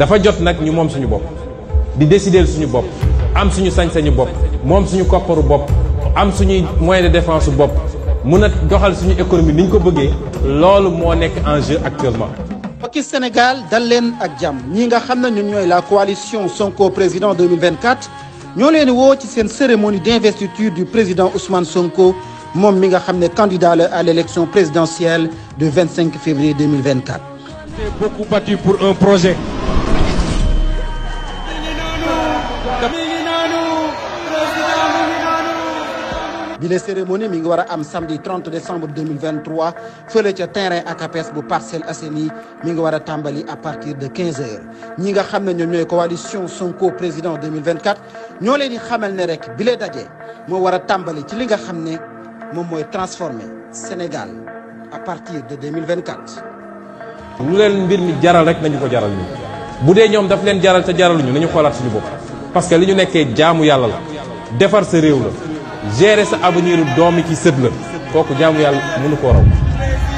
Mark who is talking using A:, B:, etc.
A: dafa jot nag ñu moom suñu bopp di décider suñu bopp am suñu sañ-sañu bopp moom suñu kopparu bopp am suñuy moyen de défense bopp mun a doxal suñu économie ni ñu ko bëggee loolu moo nekk enjeu actuellement.
B: mbokki Sénégal dal leen ak jàmm ñi nga xam ne ñooy la coalition Sonko président 2024 ñoo leen woo ci seen cérémonie d'investiture du président Ousmane Sonko moom mi nga xam ne candidat la à l'élection présidentielle du 25 février 2024. beaucoup battu pour un projet. bi la cérémonie mi ngi war a am samedi 30 décembre 2023 fële ca terrain ACAPES bu Parcelles Assainies mi ngi war a tàmbali à partir de 15 heures ñi nga xam ne ñoom ñooy coalition Sonko président 2024 ñoo leen di xamal ne rek bi la daje moo war a tàmbali ci li nga xam ne moom mooy transformer Sénégal à partir de 2024.
A: lu leen mbir mi jaral rek nañu ko jaral ñu bu dee ñoom daf leen jaral te jaraluñu nañu xoolaat suñu bopp parce que li ñu nekkee jaamu yàlla la defar sa réew la. gérer sa avenir doomi ci sët la kooku jaamu yàlla mënu ko